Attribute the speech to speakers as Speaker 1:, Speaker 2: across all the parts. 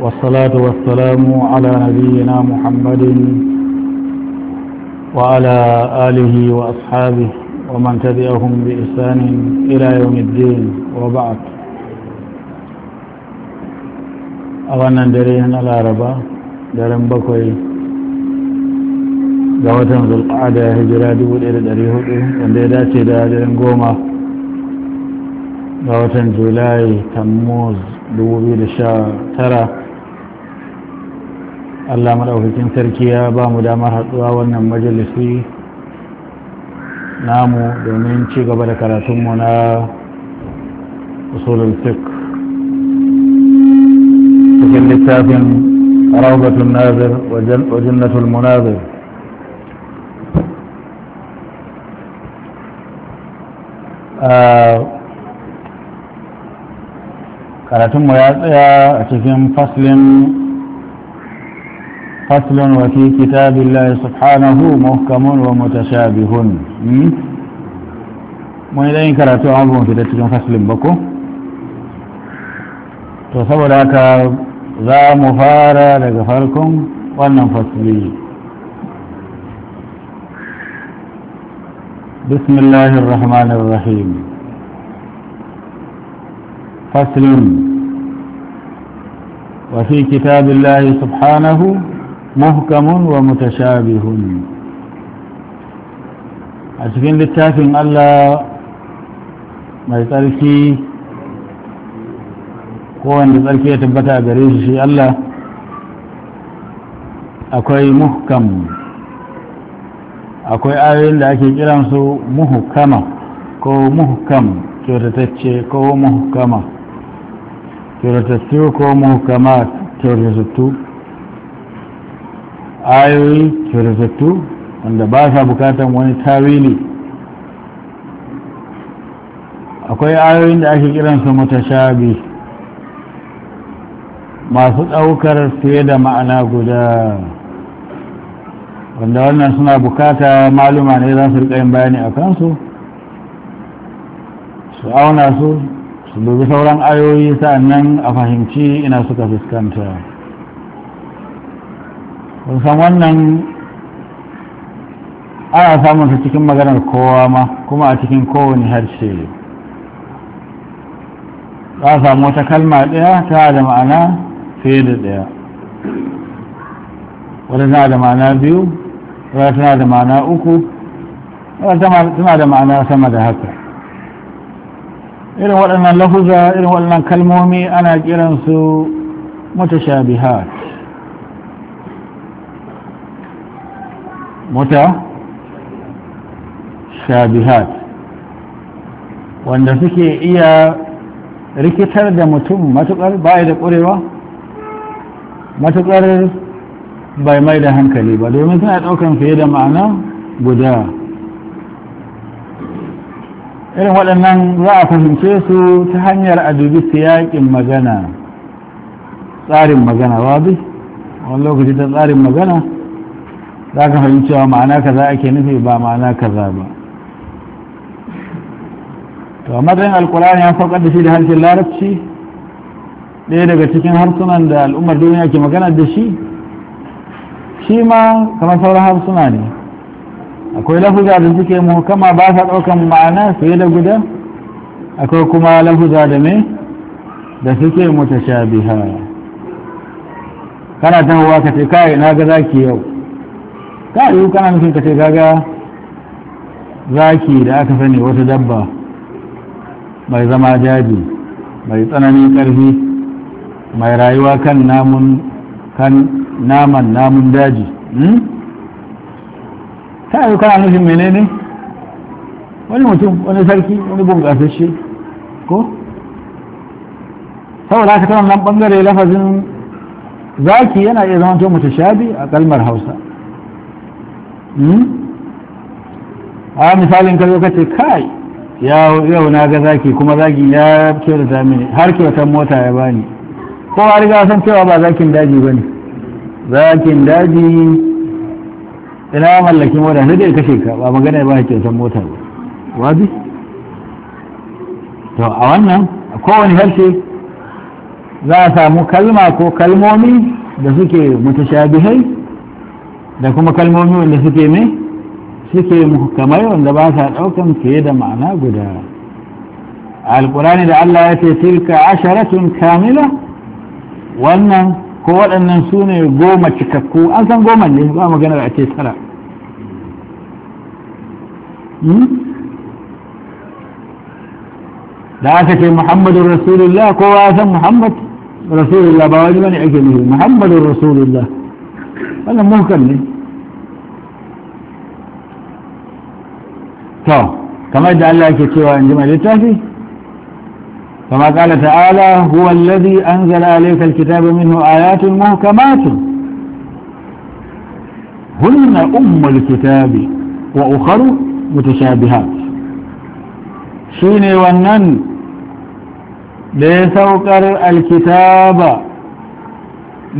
Speaker 1: والصلاة والسلام على نبينا محمد وعلى آله وأصحابه ومن تبعهم بإحسان إلى يوم الدين وبعد أولا درينا العربة درن بكوي دواتن ذو القعدة هجرة دول إلى دريهود وانديداتي دا درن قومة دواتن جولاي تموز 2019 Allah maɗaukakin sarki ya ba mu damar haɗuwa wannan majalisi namu domin ci gaba da karatunmu na usulul fiqh cikin littafin rawbatun nazir wa jannatul munazir karatunmu ya tsaya a cikin faslin فصل وفي كتاب الله سبحانه محكم ومتشابه وإذا انكرتوا عبوا في تتجن فصل بكو تصور لك ذا مفارة لغفركم وأنهم بسم الله الرحمن الرحيم فصل وفي كتاب الله سبحانه sha محكم ومتشابه أسفين للتافين الله ما يتركي هو tsarki ya tabbata بريشي الله أكوي محكم akwai ayoyin da ake kiran su muhukama ko muhukam kyautatacce ko muhukama kyautattu ko muhukama kyautattu ayoyi kirkattu wanda ba sa bukatan wani tawili akwai ayoyin da ake kiran kiransu mutashabi masu ɗaukar fiye da ma'ana guda wanda wannan suna bukata maluma ne za su riƙa yin bayani a kansu su auna su su dubi sauran ayoyi sa'annan a fahimci ina suka fuskanta san wannan ana samun su cikin maganar kowa ma kuma a cikin kowane harshe za a samu wata kalma ɗaya ta da ma'ana fiye da ɗaya wadda tana da ma'ana biyu wadda tana da ma'ana uku wadda tana da ma'ana sama da haka irin waɗannan lafuza irin waɗannan kalmomi ana kiransu mutashabihat Mota shabihat wanda suke iya rikitar da mutum matukar ba da ƙurewa matukar bai mai da hankali ba domin suna ɗaukan fiye da ma'ana guda irin waɗannan za a fahimce su ta hanyar a dubi siyaƙin magana tsarin magana wabi wani lokaci ta tsarin magana za ka fahimci cewa ma'ana kaza ake nufi ba ma'ana kaza ba to matsayin alkurani ya saukar da shi da harshen larabci ɗaya daga cikin harsunan da al'ummar duniya ke magana da shi shi ma kamar sauran harsuna ne akwai lafuza da suke mu kama ba sa ɗaukan ma'ana fiye da guda akwai kuma lafuza da me da suke mutashabiha kana ta hawa ka ce kai na ga zaki yau ta yi kana nufin ka ce gaga zaki da aka sani wata dabba mai zama jaji mai tsananin ƙarfi mai rayuwa kan namun kan naman namun daji ta hmm? yi kana nufin menene wani mutum wani sarki wani bunƙasashe ko saboda haka ta nan bangare lafazin zaki yana iya zama shabi a kalmar hausa Hmm? a misalin ka ka ce kai yau na ga zaki kuma zaki ya kyauta mini har kyautar mota ya bani kowa riga san cewa ba zakin daji ba ne zakin daji ina mallakin mota na dai kashe ka ba magana ba kyautar mota ba wazi to a wannan a kowane harshe za a samu kalma ko kalmomi da suke mutashabihai da kuma kalmomi wanda suke ne suke muhkamai wanda ba sa ɗaukan fiye da ma'ana guda alkurani da Allah ya ce tilka asharatun kamila wannan ko waɗannan su ne goma cikakku an san goma ne ba maganar a ce tara hmm? da aka ce muhammadun rasulullah kowa ya san muhammad rasulullah ba wani bane ake nufi muhammadun rasulullah wannan munkar ne to kamar da Allah yake cewa in ji mai littafi kama kala ta'ala huwa allazi anzala alayka alkitaba minhu ayatun muhkamatun هن أم الكتاب وأخر متشابهات شيني ونن ليسوكر الكتاب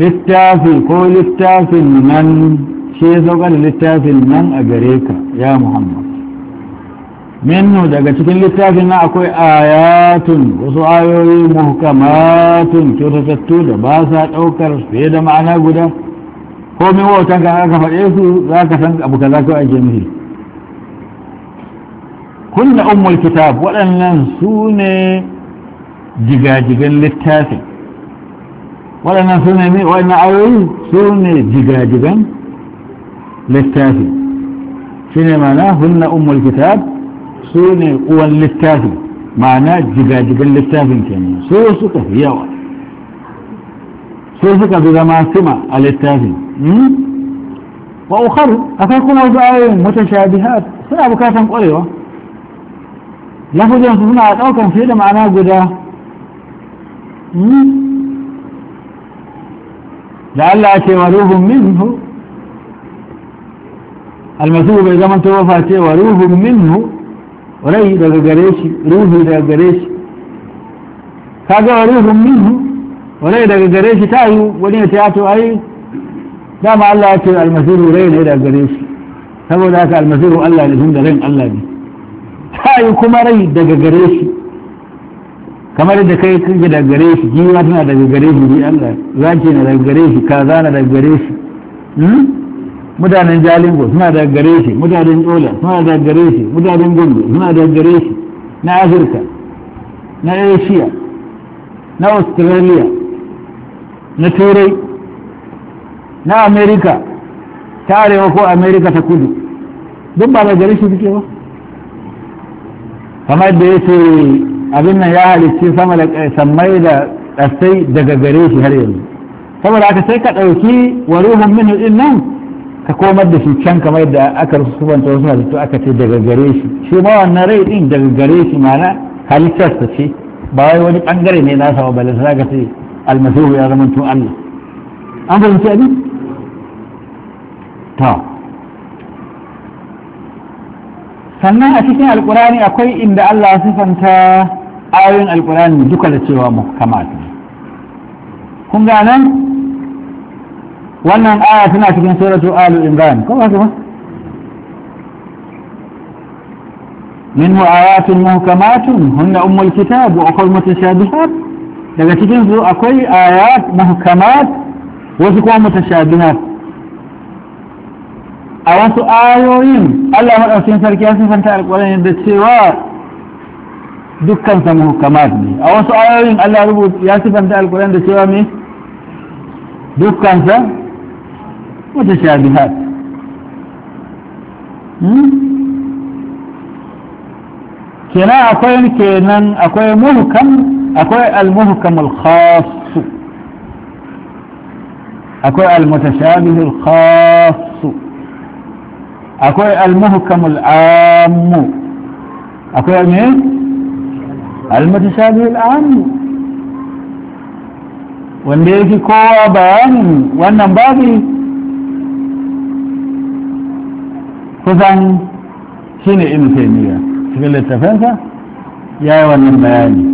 Speaker 1: littafi ko littafin nan shi ya sauka da littafin nan a gare ka ya muhammad minnu daga cikin littafin nan akwai ayatun wasu ayoyi muhkamatun kyautatattu da ba sa ɗaukar fiye da ma'ana guda ko min wautan ka aka faɗe su za ka san abu kaza kawai ake nufi kunna ummul kitab waɗannan su ne jigajigan littafin ولما فهمني وانا اريد فهمني جداجبا للتافي فين معناه هن ام الكتاب سوني قوى للتافي معناه جداجبا للتافي يعني كان سوسك هي سوسك بذا ما سمع للتافي واخر افاكم اوضاع متشابهات سنة بكاسا قريبا لفظ ينصفنا اتوكم فيه معناه قدا لألا أتي وروه منه المثوب إذا من توفى أتي وروه منه وري دقى قريشي روحي دقى قريشي كاقى وروه منه وري دقى قريشي تاهو ولي أتياته أي دام ألا أتي المثور رين إلى قريشي سبو ذاك المثور ألا لهم دقين ألا دي تاهو كما ري دقى قريشي kamar da kai kake da gare shi jiwa tana daga gare shi ni Allah zaki na daga gare shi kaza na daga gare shi hmm? mutanen jalingo suna daga gare shi mutanen tsola suna daga gare shi mutanen gombe suna daga gare shi na afirka na asia na australia na turai na america ta arewa ko america ta kudu duk ba daga gare shi suke ba kamar da ya abin nan ya halicci sama da sammai da ƙasai daga gare shi har yanzu saboda aka sai ka ɗauki wa ruhun min din nan ka komar da shi can kamar da aka rusubanta wasu halittu aka ce daga gare shi shi ma wannan rai din daga gare shi ma'ana halittarsa ce ba wai wani bangare ne na ba balle za ka ce almasihu ya zama Allah an fahimci abin ta sannan a cikin alkurani akwai inda Allah ya sifanta ayoyin alkurani duka da cewa muhkamat kun ga nan wannan aya tana cikin suratu alu imran ko ba ba minhu ayatun muhkamatun hunna ummul kitab wa ukhra mutashabihat daga cikin su akwai ayat muhkamat wasu kuma mutashabihat أوانتو آيوين الله مرأة سين تركيا سيفن تارك ولين بسيوا دكان سموه كماتني أوانتو آيوين الله ربو ياسفن تارك ولين بسيوا مي دكان سا متشابهات كنا أقوين كنا أقوين مهكم أقوين المهكم الخاص أقوين المتشابه الخاص akwai almuhkamul ammu akwai ne almutashabihul ammu wanda yake kowa bayanin wannan babi kusan shine ibn taymiya cikin littafinsa ya yi wannan bayani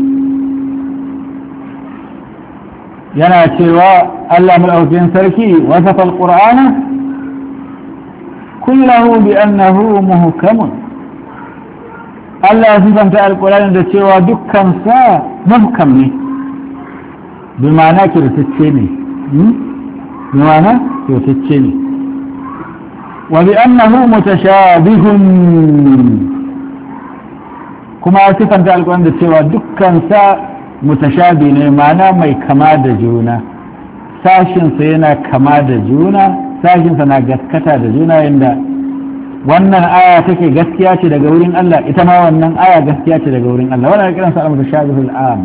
Speaker 1: yana cewa Allah mulaukin sarki wasa al كله بأنه مهكم الله يصفن في القرآن ده سوى دكا سا مهكم بمعنى كرتتشيني بمعنى كرتتشيني وبأنه متشابه كما يصفن في القرآن ده سوى دكا سا متشابه معنى ما يكما دجونا ساشن سينا كما دجونا sashinsa na gaskata da juna yadda wannan aya take gaskiya ce daga wurin Allah ita ma wannan aya gaskiya ce daga wurin Allah wannan kiran sa al-mutashabihul am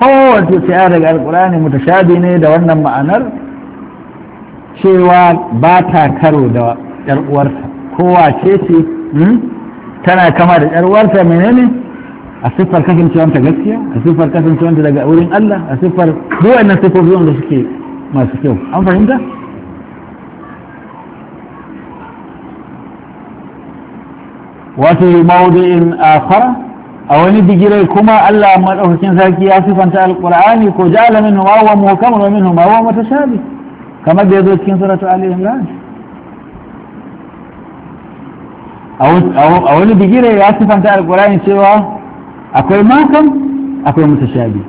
Speaker 1: wato sai daga alqur'ani mutashabi ne da wannan ma'anar cewa ba ta karo da yar uwarta kowa ce ce hmm? tana kama da yar uwarta menene a siffar kasancewanta gaskiya a siffar kasancewanta daga wurin Allah a siffar duk wannan siffofin da suke masu kyau an fahimta wata yi maudu'in akhar a wani digirai kuma Allah madaukakin sarki ya sifanta alqur'ani ko ja'ala minhu ma huwa muhkamun wa minhu ma huwa mutashabih kamar da cikin suratu ali imran a wani digirai ya sifanta alqur'ani cewa akwai makam akwai mutashabih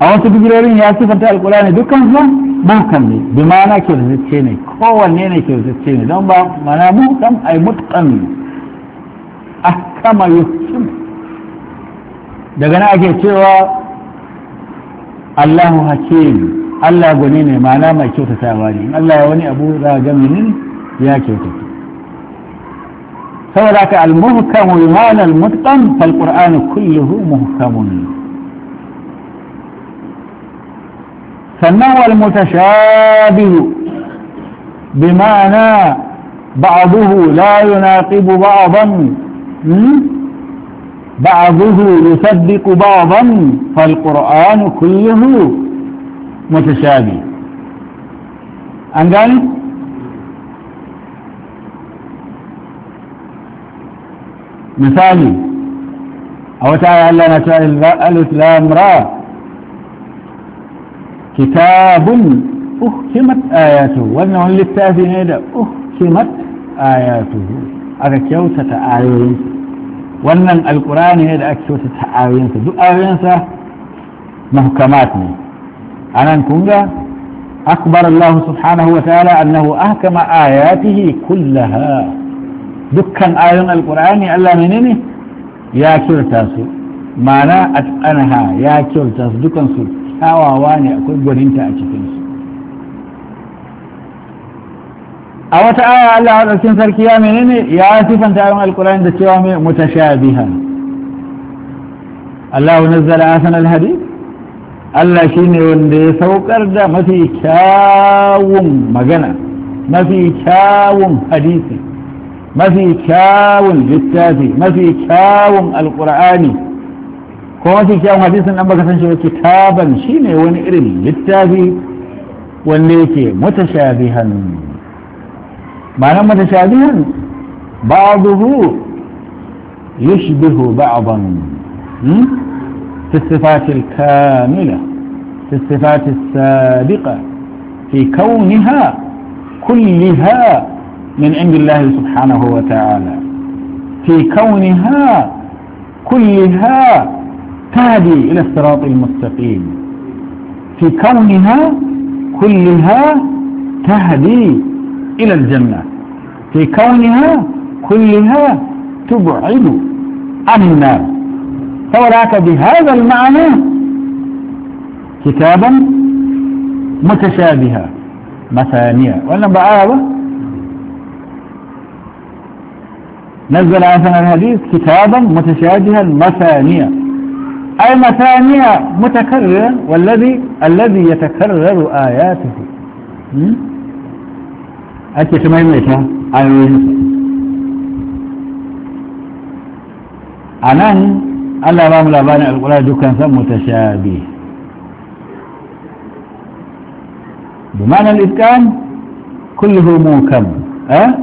Speaker 1: a wasu digirorin ya sifanta alqur'ani dukkan su muhkam ne bi ma'ana kyautacce ne kowanne ne kyautacce ne don ba mana muhkam ai mutkan ahkama yuhkim daga nan ake cewa Allahu hakim Allah gwani ne ma'ana mai ta wani Allah ya wani abu za ga menene ya kyautata saboda ka al-muhkam wa al-mutqan fal-qur'an kulluhu muhkamun فما هو المتشابه بمعنى بعضه لا يناقب بعضا بعضه يصدق بعضا فالقرآن كله متشابه أن قال مثالي أو تعالى لنا الإسلام رأى kitabun uhkimat ayatu wannan wani littafi ne da uhkimat ayatu aka kyautata ayoyinsa wannan alkurani ne da aka kyautata ayoyinsa duk ayoyinsa mahkamat ne anan kunga أخبر الله سبحانه وتعالى أنه أحكم آياته كلها دكا Allah القرآن ya منيني يا كرتاس معنى ya kyauta su dukkan su. kawawa ne akwai gwaninta a cikinsu a wata aya Allah haɗarcin sarki ya menene ya sifanta yawan alkurani da cewa mai mutashabiha Allah nazzala asan alhadi Allah shi ne wanda ya saukar da mafi kyawun magana mafi kyawun hadisi mafi kyawun littafi mafi kyawun Alƙur'ani. kuma mafi kyawun hadisin nan baka san shi ba kitaban shine wani irin littafi wanda yake mutashabihan ma'anar mutashabihan ba'dahu yushbihu ba'dan في الصفات الكاملة في الصفات السابقة في كونها كلها من عند الله سبحانه وتعالى في كونها كلها تهدي إلى الصراط المستقيم في كونها كلها تهدي إلى الجنة في كونها كلها تبعد عن النار فوراك بهذا المعنى كتابا متشابها مثانية ولا بعابة نزل عثنا الحديث كتابا متشابها مثانية أي مثانية متكررا والذي الذي يتكرر آياته أكي شمعي ميتا آيوين أنان ألا رام لباني القرآن ثم متشابه بمعنى الإتكان كله موكم أه؟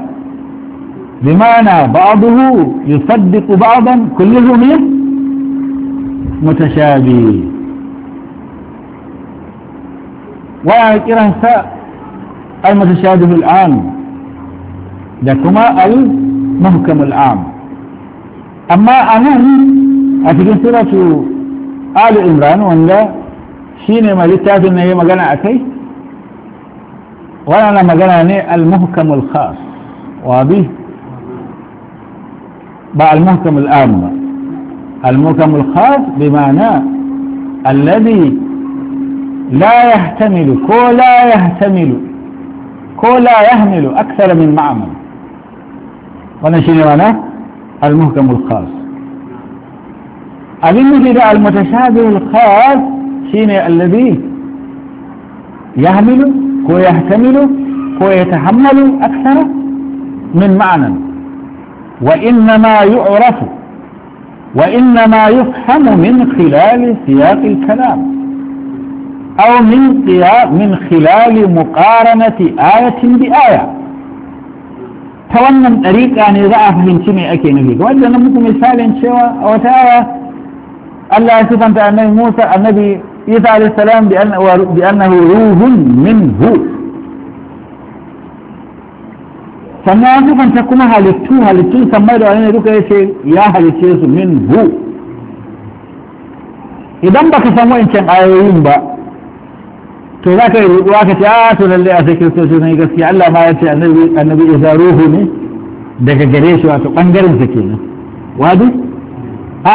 Speaker 1: بمعنى بعضه يصدق بعضا كله منه mutashabi wa kiransa al-mutashabih al-am da kuma al-muhkam al-am amma anan a cikin suratu ali imran wanda shine mai littafin ne magana akai wannan magana ne al-muhkam wa ba المحكم الخاص بمعنى الذي لا يحتمل كو لا يحتمل كو لا يحمل أكثر من معمل شنو معنى المحكم الخاص المجد المتشابه الخاص شين الذي يحمل كو يحتمل كو يتحمل أكثر من معنى وإنما يعرف وإنما يفهم من خلال سياق الكلام أو من من خلال مقارنة آية بآية تونم طريقة أن يعني إذا أفهم كما أكين فيك وإذا نمكم مثال شوى أو تارى الله سبحانه وتعالى موسى النبي عيسى عليه السلام بأنه روح منه sannan ya sifanta kuma halittu halittun sammai da wani duka ya ce ya halicce su min hu idan baka san wancan ayoyin ba to za ka yi ruɗuwa ka ce a ah, to lalle a sai kiristoci ne gaskiya Allah ma ya ce annabi isa ruhu ne daga gare shi wato bangaren sa kenan wadu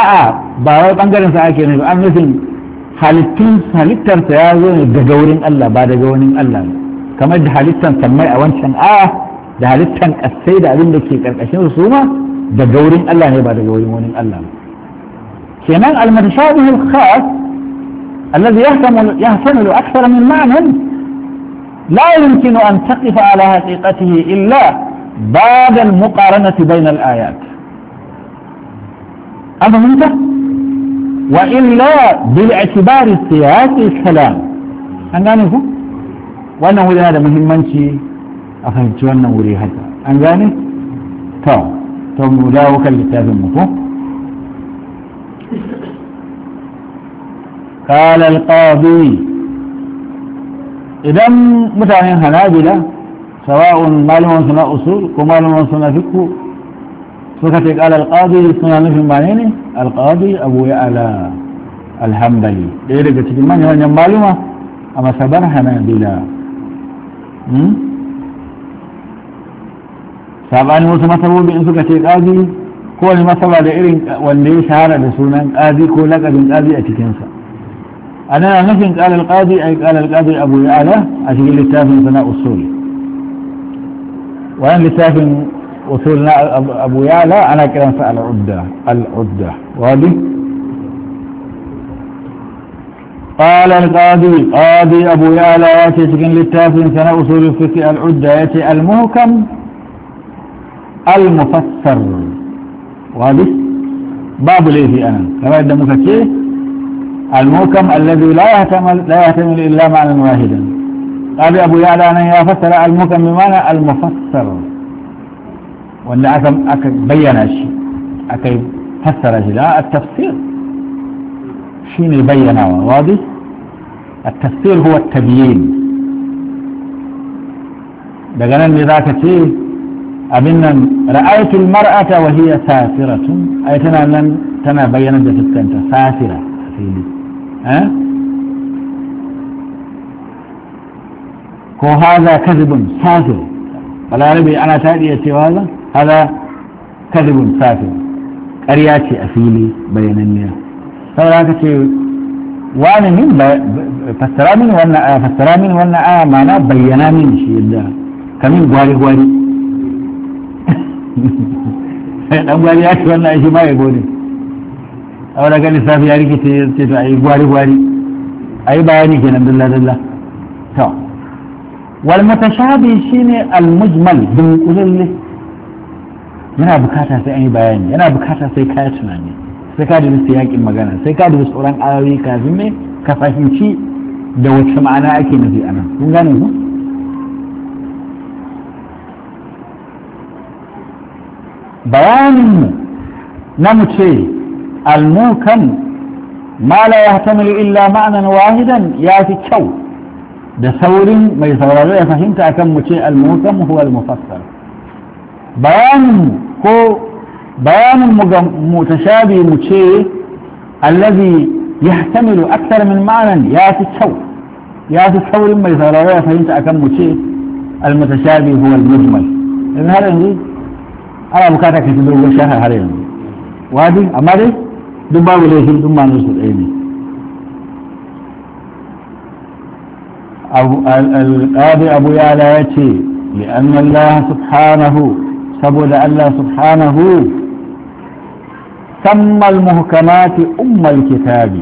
Speaker 1: a'a ba wai bangaren sa ake ne ba an nufin halittun halittarsa ya zo ne daga wurin Allah ba daga wani Allah kamar da halittan sammai a wancan a'a da halittan kasai da abin da ke karkashin su ma daga wurin Allah ne ba daga wurin wani Allah kenan al-mutashabih al-khas alladhi yahtamu yahtamilu akthar min ma'nan لا يمكن أن تقف على حقيقته إلا بعد المقارنة بين الآيات أفهمت؟ وإلا بالاعتبار السياسي السلام أنه وأنه هذا مهم منشي a fahimci wannan wuri haka an gane to to mu dawo kan littafin mu ko قال القاضي إذا متعين هنابلة سواء معلوم سنة أصول ومعلوم سنة فقه فكتك على القاضي سنة نفي معنيني القاضي أبو يعلى الحنبلي إيه رجل تجمعني هنا معلومة أما سبر هنابلة sabanin wasu masabobi in suka ce kazi kowane masaba da irin wanda ya shahara da sunan kazi ko lakabin kazi a cikinsa a nan a nufin kalal kazi a yi kalal kazi abu ya'ala a cikin littafin sana usul wannan littafin usul na abu ya'ala ana kiransa al'udda al'udda wadi قال القاضي قاضي أبو يعلى ياتي سكن للتافن سنة أصول الفقه العدة ياتي المهكم المفسر واضح باب ليه أنا كما يدى مفكيه الموكم الذي لا يحتمل لا يحتمل إلا معنى واحدا قال أبو يعلى أنا فسر الموكم بمعنى المفسر وأن أثم بيّن شيء أكي فسر شيء لا التفسير شيء يبين واضح التفسير هو التبيين daga nan ne za أبنن رأيت المرأة وهي سافرة أي تنا لن تنا بيانا جسدك أنت سافرة فيلي أه؟ كو هذا كذب سافر العربي أنا تالي يتي هذا هذا كذب سافر أرياتي أفيلي بيانا نيا فلا كتي وانا من فسرامين وانا فسرامين وانا آمانا بيانا من شيدا كمين غواري غواري dan gwari ya ce wannan shi ma ya gode a wadda gani safi ya rikice ya ce to a yi gwari gwari a yi bayani kenan dalla dalla to wal mutashabi shine al mujmal dunkulin yana bukata sai an yi bayani yana bukata sai kaya tunani sai ka dubi siyakin magana sai ka dubi tsoron ayoyi kafin ne ka fahimci da wacce ma'ana ake nufi anan kun gane ku بيان نمشي الموكم ما لا يهتمل إلا معنى واحدا يأتي تشو بثور ما يصور الله فهمت أكم شيء الموكم هو المفسر بيان هو بيان متشابه مشي الذي يحتمل أكثر من معنى يأتي تشو يأتي تشو ما يصور الله فهمت أكم شيء المتشابه هو المجمل إن هذا ana bukata ka ji dogon shahar har yanzu wadi amma dai duk babu laifin duk manin su ɗaya ne alƙadi abu yala ya ce li'an Allah subhanahu saboda Allah subhanahu سمى المهكمات أم الكتاب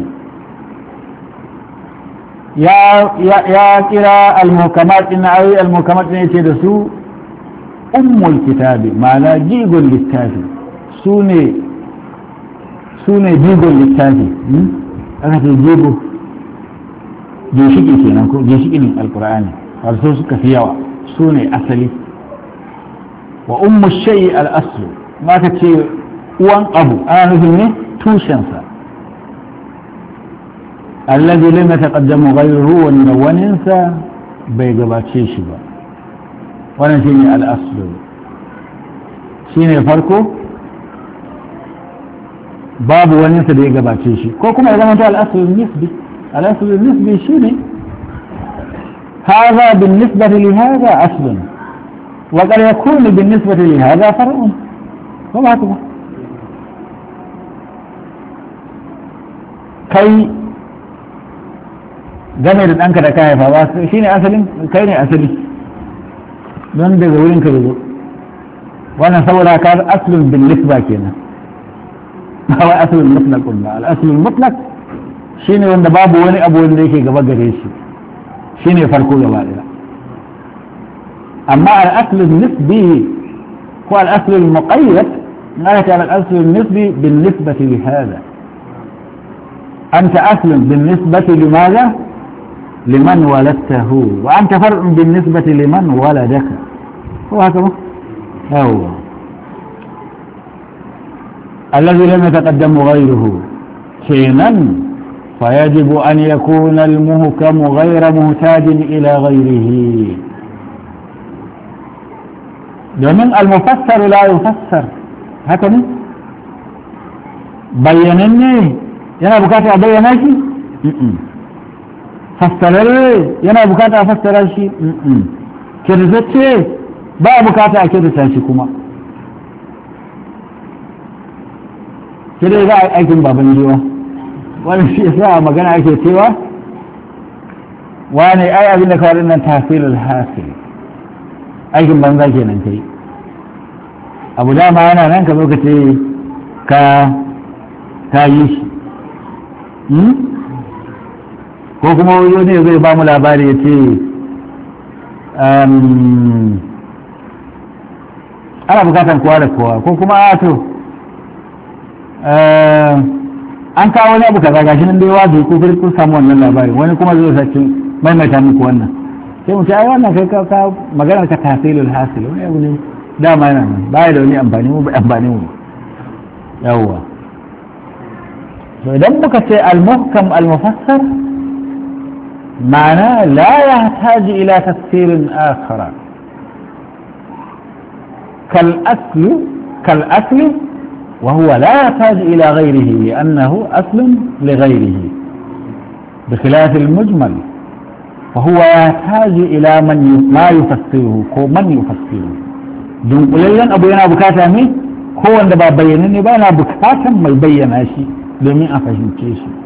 Speaker 1: يا يا يا كرا المهكمات إن أي ce da su. ummul kitabi ma'ana jigon littafi su ne jigon littafi aka ce jigo ginshiki kenan ko ginshikin alkur'ani wasu suka fi yawa su ne asali wa ummu shayi al'asu, ma ka ce uwan abu ana nufin ne tushensa allazi lam yataqaddamu ghayruhu wa waninsa bai gabace shi ba wannan shi ne al'aslu shi ne farko babu wani da ya gabace shi ko kuma ya zama ta al'aslu nisbi al'aslu nisbi shi ne haza haza هذا بالنسبة لهذا أصل وقد يكون بالنسبة لهذا فرع ba kai game da ɗanka da kayafa ba shi ne asalin kai ne asali don daga wurin ka zo wannan saboda ka aslun bin nisba kenan ba wai aslun mutlaq ba al aslun mutlaq shine wanda babu wani abu wanda yake gaba gare shi shine farko gaba daya amma al aslun nisbi ko al aslun muqayyad ana ta al aslun nisbi bin nisbati li hada anta aslun bin nisbati limadha لمن ولدته وأنت فرع بالنسبة لمن ولدك هو هكذا هو أيوة. الذي لم يتقدم غيره حينا فيجب أن يكون المهكم غير مهتاج إلى غيره لمن المفسر لا يفسر هكذا بينني يا ابو كاتب بينني fassararre yana bukata a fassara shi ce ba a bukata a kirta shi kuma sai za a yi aikin baban jiwa wani shi ya sa magana ake cewa Wani ai abin da kawarin nan tafilul hasili aikin banza ke ta kai abu dama yana nan ka zo ka ce ka ka yi shi ko kuma wani zai ba mu labari ya ce ana bukatan kowa da kowa ko kuma a to eh, an kawo wani abu kaza gashi nan dai wazo ko kai kun samu wannan labari wani kuma zai sake maimaita muku wannan sai mu ce ai wannan kai ka ka magana ka tasilul hasil wani abu ne dama yana nan baya da wani amfani mu amfani mu yawwa to idan muka ce al-muhkam al-mufassar معناه لا يحتاج إلى تفسير آخر كالأكل كالأكل وهو لا يحتاج إلى غيره لأنه اصل لغيره بخلاف المجمل فهو يحتاج إلى من ما يفسره كو من يفسره دون قليلا ابو ينا ne ko wanda ba bayyananne ba yana bukatan mai bayyana shi domin a fahimce shi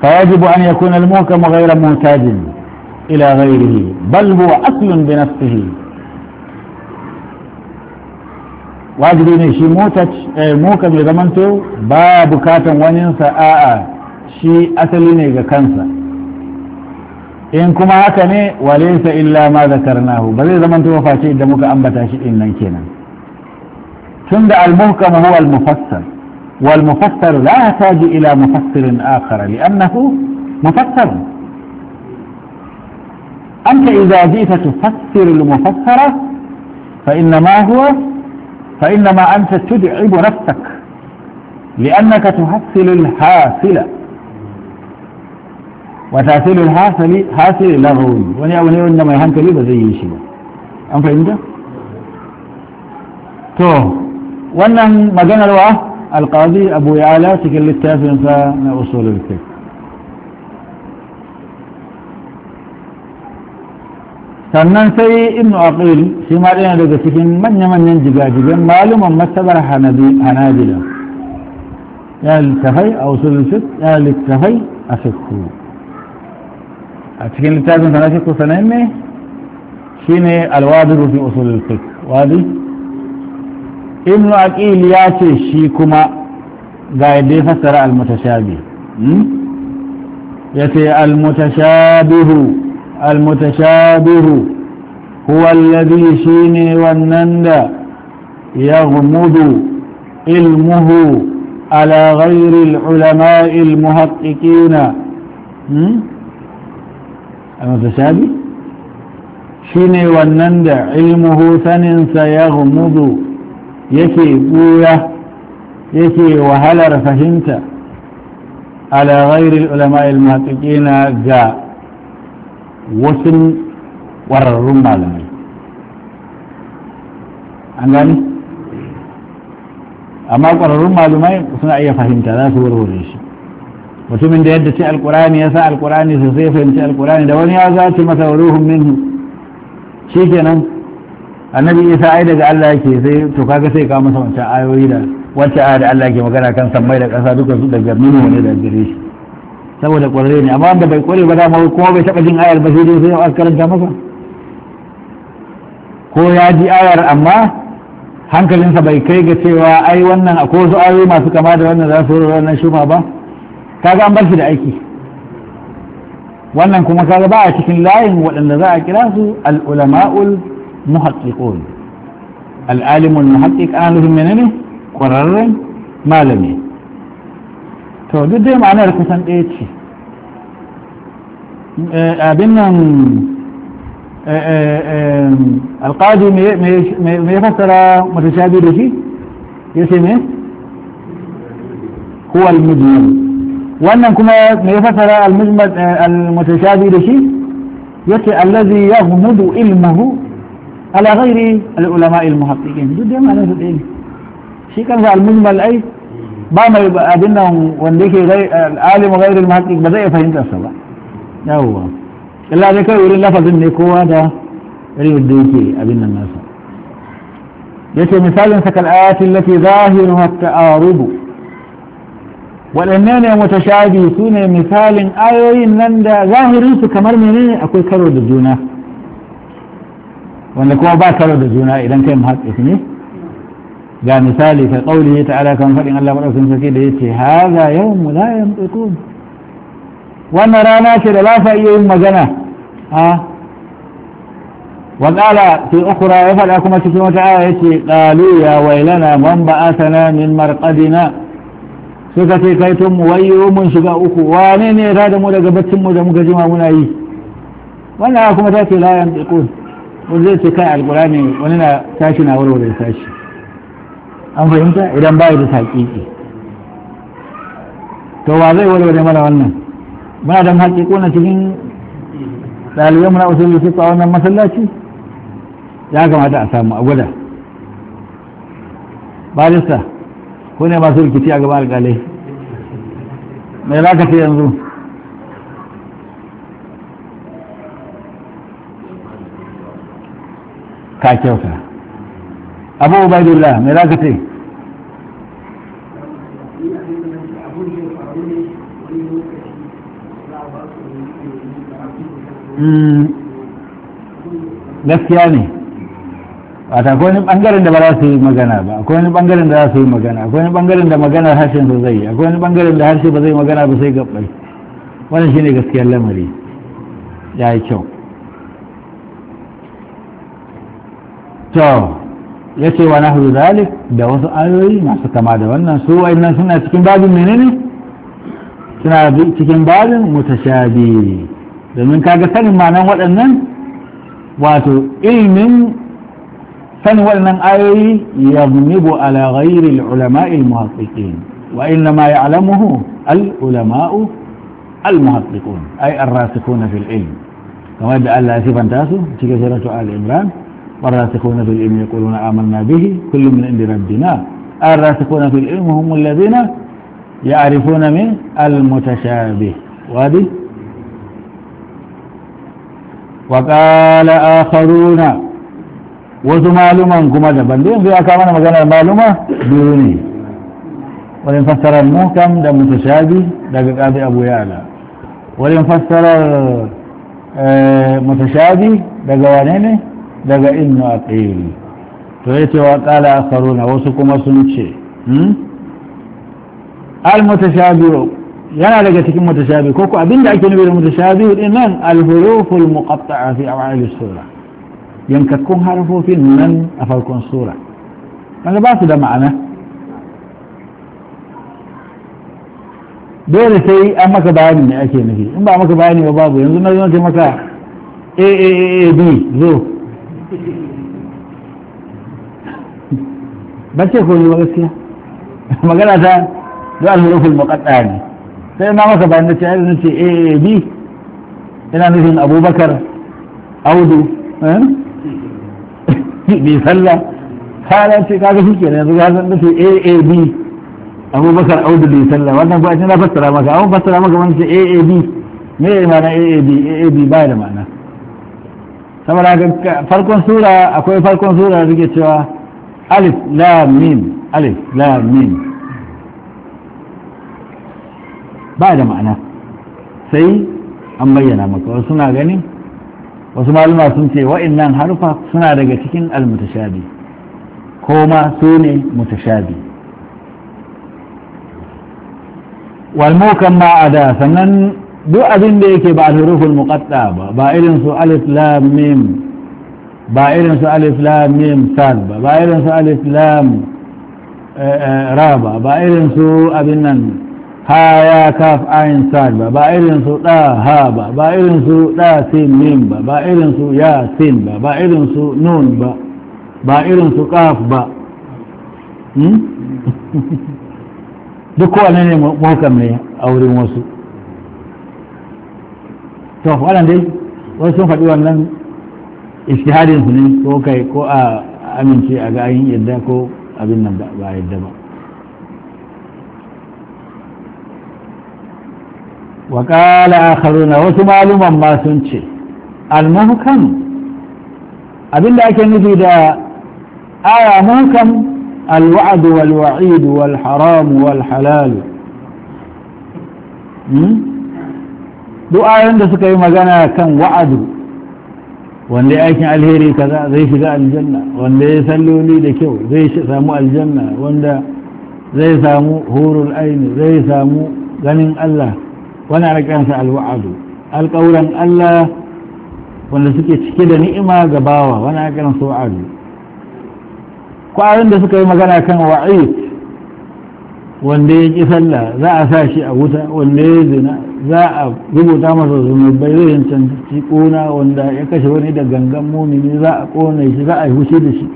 Speaker 1: فيجب أن يكون الموكم غير محتاج إلى غيره بل هو أكل بنفسه واجب أن يشي موكم إيه، يضمنته باب كاتم وننسى آآ شي أتليني كنسى إن كما أكني وليس إلا ما ذكرناه بل يضمنته وفاشي إذا موكم أنبتا شيء إننا ثم الموكم هو المفسر والمفسر لا يحتاج إلى مفسر آخر لأنه مفسر أنت إذا جئت تفسر المفسر فإنما هو فإنما أنت تدعب نفسك لأنك تحصل الحاصل وتحصل الحاصل حاصل لغوي وني أو ني وإنما يهنكلي بزي شيء أم فهمت؟ تو wannan maganar wa القاضي أبو يعلى تكل التافن فأصول الكيف سنن سي ابن أقيل سمارين لقسكين من يمن ينجبا جبا معلوم ما سبر حنابلا يا للتفاي أوصول الست يا للتفاي أفكو أتكين التافن فنأفكو سنين شيني الوادر في أصول الكيف وادي ibn aqil ya ce shi kuma ga yadda ya fassara al-mutashabi ya ce al-mutashabihu al-mutashabihu huwa alladhi shine wannan da yaghmudu ilmuhu ala ghairi al-ulama'i al-muhaqqiqina al-mutashabi shine wannan da ilmuhu saninsa yaghmudu yake ɓura yake wahalar fahimta ala ghairil ulama ilmatuƙina ga wasu ƙwararrun malamai an gani amma ƙwararrun malamai suna iya fahimta za su warware shi mutumin da yadda ce alƙurani ya sa alƙurani su sai fahimci alƙurani da wani ya zaci masa ruhun minhu shi kenan annabi isa ai daga Allah yake sai to kaga sai ka masa wancan ayoyi da wacce aya da Allah yake magana kan sammai da ƙasa duka su daga nuna ne da gare shi saboda ƙwararre ne amma wanda bai ƙware ba dama kuma bai taɓa jin ayar ba sai dai sai ya karanta masa ko ya ji ayar amma hankalinsa bai kai ga cewa ai wannan akwai wasu ayoyi masu kama da wannan za su yi wannan shuma ba kaga an bar shi da aiki wannan kuma kaga ba a cikin layin waɗanda za a kira su al'ulama'ul ulamaul muhaƙiƙun al'alimun muhaƙiƙ aluhin menene ƙwararren malami to duk dai ma'anar kusan ɗaya ce abin nan alƙadi mai fassara matashabi da shi ya ce ne huwa al-mujmal wannan kuma mai fassara al-mujmal al-mutashabi da shi yace allazi yahmudu ilmuhu ala ghairi al-ulama al-muhaqqiqin duk dai ma'anar su ɗaya ne shi kansa al-mujmal ai ba mai abin nan wanda yake alim ghairi al-muhaqqiq ba zai fahimta sa ba yawwa illa dai kai wurin lafazin ne kowa da irin da yake abin nan nasa yace misalin sa kal ayati allati zahiruha at-ta'arub waɗanne ne mutashabi su ne misalin ayoyin nan da zahirinsu kamar menene akwai karo da juna wanda kuma ba karo da juna idan kai muhaddis ne ga misali ka kauli ta ala kan fadin Allah madaukakin sarki da yace haza yawmu la yantiqun wannan rana ce da ba sa iya yin magana a wa qala fi ukhra ya faɗa kuma cikin wata aya yace qalu ya wailana man ba'athana min marqadina suka ce kai tun mu wayyo mun shiga uku wane ne ya tada mu daga baccin mu da muka jima muna yi wannan kuma ta ce la yantiqun wani zai ce kai alkurani wani na tashi na warware tashi an fahimta idan ba da haƙiƙi to wa zai warware mana wannan muna don haƙiƙo na cikin ɗalibai muna usul da wannan masallaci ya kamata a samu a gwada barista ko ne masu rikici a gaban alƙalai
Speaker 2: mai za ka ce yanzu
Speaker 1: ka kyauta abu ubaidullah me za ka ce hmm, gaskiya ne wata akwai wani bangaren da ba za su yi magana ba akwai wani bangaren da za su yi magana akwai wani bangaren da magana harshen su zai akwai wani bangaren da harshe ba zai magana ba sai gabbai wannan shine gaskiyar lamari ya yi kyau to ya ce wa nahu zalik da wasu ayoyi masu kama da wannan su wa'annan suna cikin babin menene suna cikin babin mutashabi domin kaga sanin ma'anan waɗannan wato ilmin sanin waɗannan ayoyi ya zunubu ala ghairi ulama'il muhaqqiqin wa inna ma ya'lamuhu al ulama'u al muhaqqiqun ay ar-rasikhuna fil ilm kamar da Allah ya sifanta su cikin suratu al-imran والراسخون في العلم يقولون آمنا به كل من عند ربنا الراسخون في العلم هم الذين يعرفون من المتشابه وهذه وقال آخرون وذو معلوما كما تبدين في أكامنا مكان المعلومة بدوني ولم فسر المحكم ده متشابه ده قاضي أبو يعلى ولم فسر المتشابه آه، ده قوانينه daga ibn aqil to yace wa qala akharuna wasu kuma sun ce al mutashabihu yana daga cikin mutashabi ko ko abinda ake nufi da mutashabi din nan al huruful muqatta'a fi awal sura yankakkun harfofin nan a farkon sura kaga ba su da ma'ana dole sai an maka bayani ne ake nufi in ba maka bayani ba babu yanzu na zo maka a a a b zo bace ce ne ba gaskiya magana ta da alhurufin muƙaɗa ne sai na masa bayan da ce ayyana ce aab eh, ina nufin abubakar audu eh? bai salla kayan ce kaga shi ke yanzu ya zan nufin aab abubakar audu Bi salla wannan ba a cikin na fassara maka abubakar fassara maka wani ce aab eh, me ya yi mana aab aab ba da ma'ana saboda farkon sura akwai farkon sura suke cewa alif lam alif lam ba da ma'ana sai an bayyana maka wasu suna gani wasu maluma sun ce wa'annan harufa suna daga cikin almutashabi ko ma su ne mutashabi walmukan ma'ada sannan duk abin da yake ba alhuruful muqatta ba ba irin su alif lam mim ba irin su alif lam mim sad ba ba irin su alif lam ra ba ba irin su abin nan ha ya kaf ayin sad ba ba irin su da ha ba ba irin su da sin mim ba ba irin su ya sin ba ba irin su nun ba ba irin su kaf ba duk kowane ne mahukam ne a wurin wasu to wannan dai wani sun faɗi wannan ishtihadin su ne ko kai ko a amince a ga ayin yadda ko abin nan ba yadda ba wa ƙala akharuna wasu maluman ma sun ce almuhkam abin da ake nufi da aya muhkam الوعد والوعيد والحرام والحلال du'ayen da suka yi magana kan wa'adu wanda ya aikin alheri kaza zai shiga aljanna wanda ya salloli da kyau zai samu aljanna wanda zai samu hurul aini zai samu ganin Allah wani alƙansa alwa'adu alƙawuran Allah wanda suke cike da ni'ima ga bawa wani alƙansa wa'adu kwayoyin da suka yi magana kan wa'id wanda ya ƙi sallah za a sa shi a wuta wanda ya zina za a rubuta masa zunubai zai yin cancanci ƙona wanda ya kashe wani da gangan momini za a kona shi za a yi hushi da shi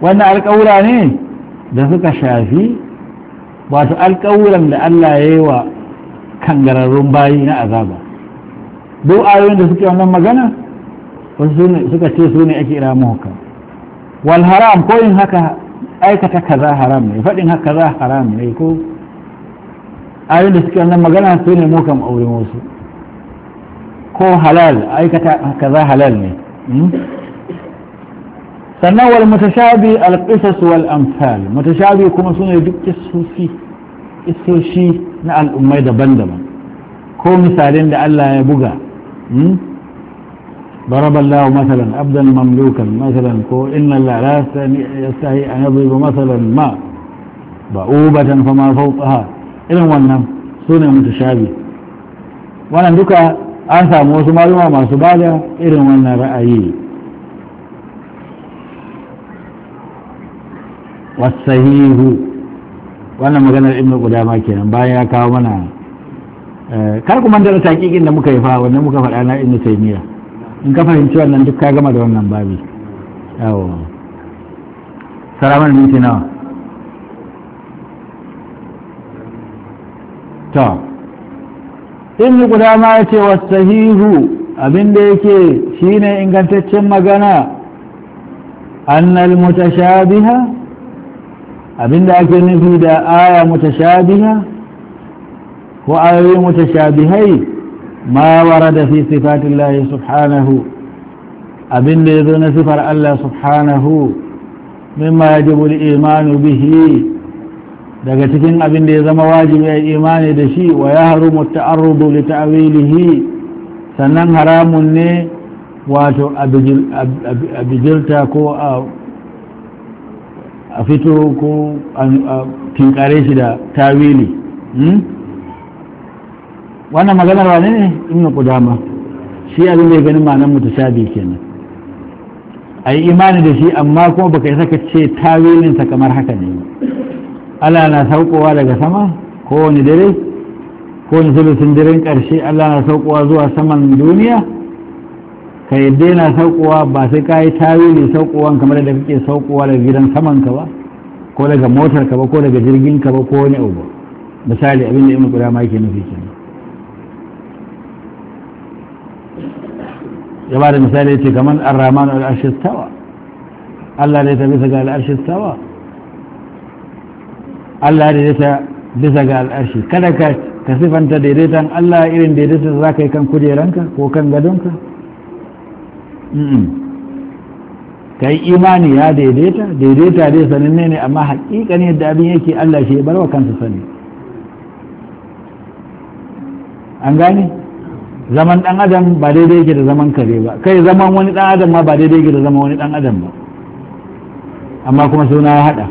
Speaker 1: wannan alƙawura ne da suka shafi wato alƙawuran da Allah ya yi wa kangararrun bayi na azaba duk ayoyin da suke wannan magana wasu suka ce su ne ake ramuka wal haram ko yin haka aikata kaza haram ne faɗin haka za haram ne ko ayin da suke wannan magana su ne mu kan aure wasu ko halal aikata kaza halal ne hmm? sannan wal mutashabi alqisas wal amsal mutashabi kuma sune duk kissoshi kissoshi na al'ummai daban-daban ko misalin da Allah ya buga hmm? ضرب الله مثلا عبدا مملوكا مثلا إن الله لا يستحي أن يضرب مثلا ما بعوبة فما فوقها irin wannan su ne mutashabi wannan duka an samu wasu maluma masu bada irin wannan ra'ayi sahihu wannan maganar ibn qudama kenan bayan ya kawo mana kar ku manta da da muka yi fa muka faɗa na in ka fahimci wannan duk ka gama da wannan babi yawo salamar minti nawa ta in guda ma ya ce wasahihu abinda yake shine ingantaccen magana annal mutashabiha abinda ake nufi da aya mutashabiha ko ayoyi mutashabihai ما ورد في صفات الله سبحانه أبن يذن صفر الله سبحانه مما يجب الإيمان به daga cikin abin da ya zama wajibi a imani da shi wa ya harumu ta'arrudu li sannan haramun ne wato a bijirta ko a fito ko a tinkare shi da tawili wannan maganar wane ne ibnu qudama shi abin da ya ganin ma'anar mutashabi kenan ai imani da shi amma kuma baka yi saka ce tawilin sa kamar haka ne Allah na saukowa daga sama ko wani dare ko wani sulusun daren karshe Allah na saukowa zuwa saman duniya ka yadda yana saukowa ba sai ka yi tawili saukowan kamar da kake saukowa daga gidan saman ka ba ko daga motar ka ba ko daga jirgin ka ba ko wani abu misali abin da ibnu qudama yake nufi kenan ya ba da misali ya ce kamar arraman al'arshistawa Allah ne ta bisa ga al'arshistawa Allah ne ta bisa ga al'arshi kada ka ka sifanta daidaitan Allah irin daidaita za ka yi kan kujeranka ko kan gadonka ka yi imani ya daidaita daidaita dai sanin ne amma haƙiƙa ne da abin yake Allah shi ya barwa kansa sani an gane zaman dan adam ba daidai yake da zaman kare ba kai zaman wani dan adam ma ba daidai yake da zaman wani dan adam ba amma kuma suna ya hada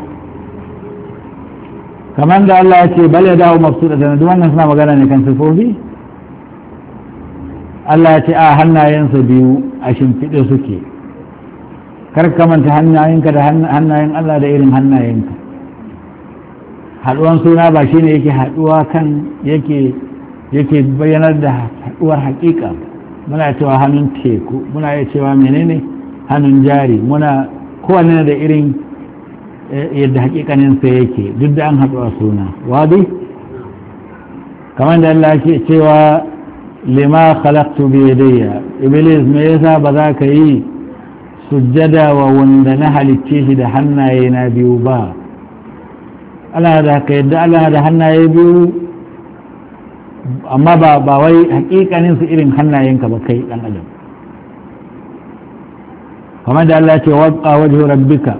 Speaker 1: kamar da Allah ya ce bal ya dawo mabsuda da duk wannan suna magana ne kan sifofi Allah ya ce a hannayensa biyu a shimfiɗe suke kar ka manta hannayenka da hannayen Allah da irin hannayenka haduwan suna ba shine yake haɗuwa kan yake yake bayyanar da haɗuwar hakika muna cewa hannun teku muna iya cewa menene hannun jari muna kowane da irin eh, yadda sa yake duk da an haɗuwa suna wadi kamar da Allah ke cewa lima khalaqtu bi yadayya iblis me yasa ba za ka yi sujjada wa wanda na halicce shi da hannaye na biyu ba ana da ka yadda Allah da hannaye biyu amma ba ba wai hakikanin su irin hannayenka ba kai dan adam kuma da Allah ce waqqa wajhu rabbika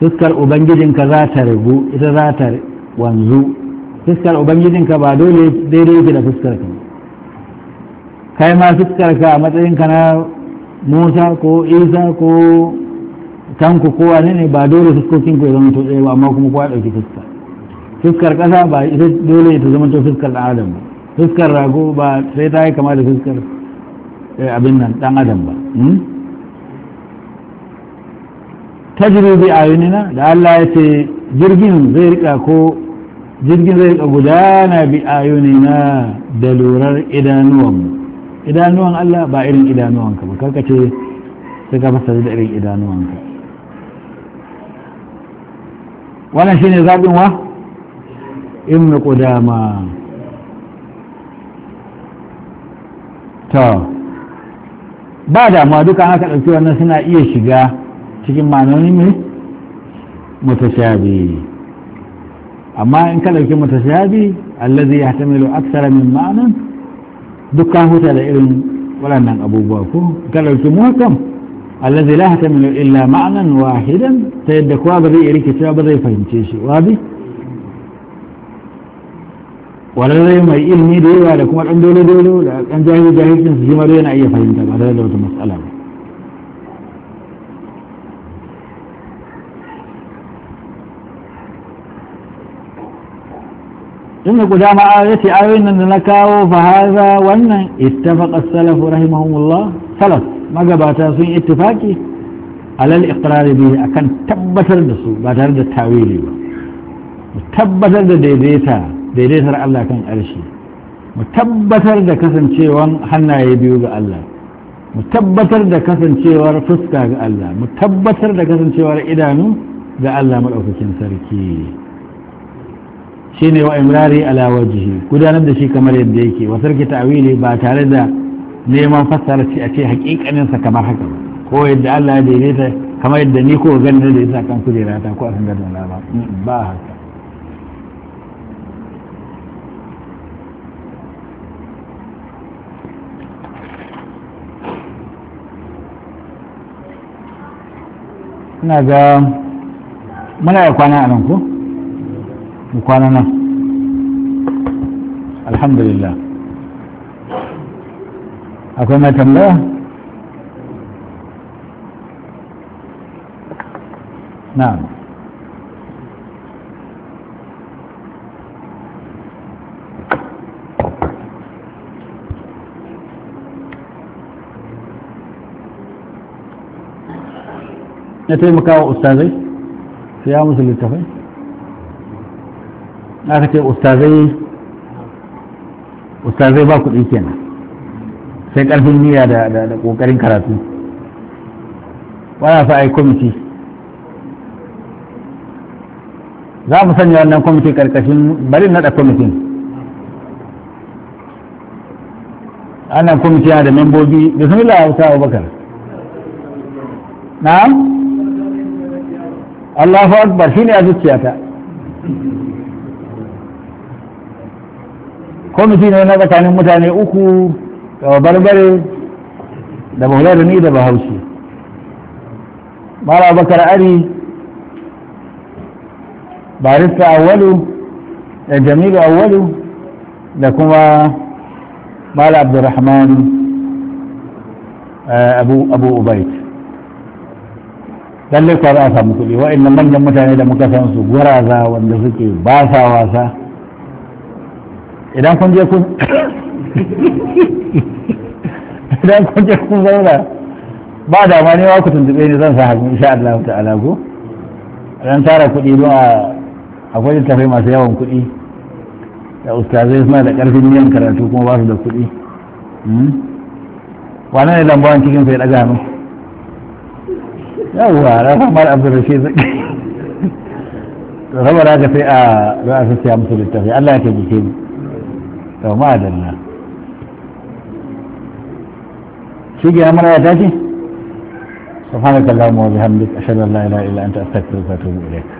Speaker 1: fuskar ubangijinka za ta rigu ita za ta wanzu fuskar ubangijinka ba dole daidai yake da fuskar ka kai ma fuskar ka a matsayin ka na Musa ko Isa ko tanku ko wani ne ba dole fuskokin ku ya zama to ɗaya ba amma kuma kowa dauki fuska fuskar ƙasa ba ita dole ta zama to fuskar ɗan adam ba fuskar rago ba sai ta yi kama da fuskar eh, abin nan ɗan adam ba hmm? jiru bi a yunina da Allah ya ce jirgin zai rika ko jirgin zai rika gudana bi a yunina da lurar idanuwan idanuwan Allah ba irin idanuwanka ba karka ce sai ka fasa da irin idanuwanka wannan shine zaɓin wa ibn qudama to ba damuwa duka aka ɗauki wannan suna iya shiga cikin ma'anoni ne mutashabi amma in ka ɗauki mutashabi allazi ya tamilu aksara min ma'anan dukkan huta da irin waɗannan abubuwa ko ka ɗauki muhakam allazi la tamilu illa ma'anan wahidan ta yadda kowa ba zai iya rikicewa ba zai fahimce shi wa bi kwararre mai ilmi da yawa da kuma ɗan dole dole da ɗan jahil jahilcin su jima yana iya fahimta ba tare da wata matsala ba inda guda ma ya ce ayoyin nan da na kawo fahaza wannan ittafaqa salafu rahimahumullah salaf magabata sun ittifaki alal iqrari bihi akan tabbatar da su ba tare da tawili ba tabbatar da daidaita daidaitar Allah kan arshi mu tabbatar da kasancewan hannaye biyu ga Allah mu tabbatar da kasancewar fuska ga Allah mu tabbatar da kasancewar idanu ga Allah maɗaukakin sarki shine ne wa imrari ala wajihi gudanar da shi kamar yadda yake wa sarki ta'wili ba tare da neman fassara ce a ce hakikaninsa kamar haka ba ko yadda Allah ya daidaita kamar yadda ni ko ganin da yasa kan kujera ta ko a sangar da ba ba haka ina ga muna ya kwana a nan ko? kwana nan alhamdulillah akwai mai tambaya? na'am na taimakawa ustazai sai ya musu littafai aka ce ustazai ustazai ba kuɗi kenan sai ƙarfin niyya da ƙoƙarin karatu wani fa yi kwamiti za mu sanya wannan kwamiti ƙarƙashin bari naɗa kwamitin ana kwamiti da membobi da sun ila hausa abubakar na'am Allahu akbar ne a zuciyata kwamiti ne na tsakanin mutane uku da barbare da baular ni da bahaushe mara bakar ari barista awwalu da jamilu awwalu da kuma mala abdurrahman eh, abu ubaid lallai kwa za a samu kuɗi wa'annan manyan mutane da muka san su guraza wanda suke ba sa wasa idan kun je kun idan kun je kun zauna ba da ma ne ku tuntube ni zan sa hannu insha Allah ta'ala ko dan tara kuɗi don a akwai littafai masu yawan kuɗi da ustazai suna da ƙarfin niyan karatu kuma ba su da kuɗi hmm? wannan ne lambawan cikin sai ɗaga hannu yawwa rafa mal abdurrashid zaki saboda haka sai a za a sassiya musu littafi Allah ya taimake mu to ma dalla shi ke amara ya tashi subhanakallahumma wa bihamdika ashhadu an la ilaha illa anta astaghfiruka wa atubu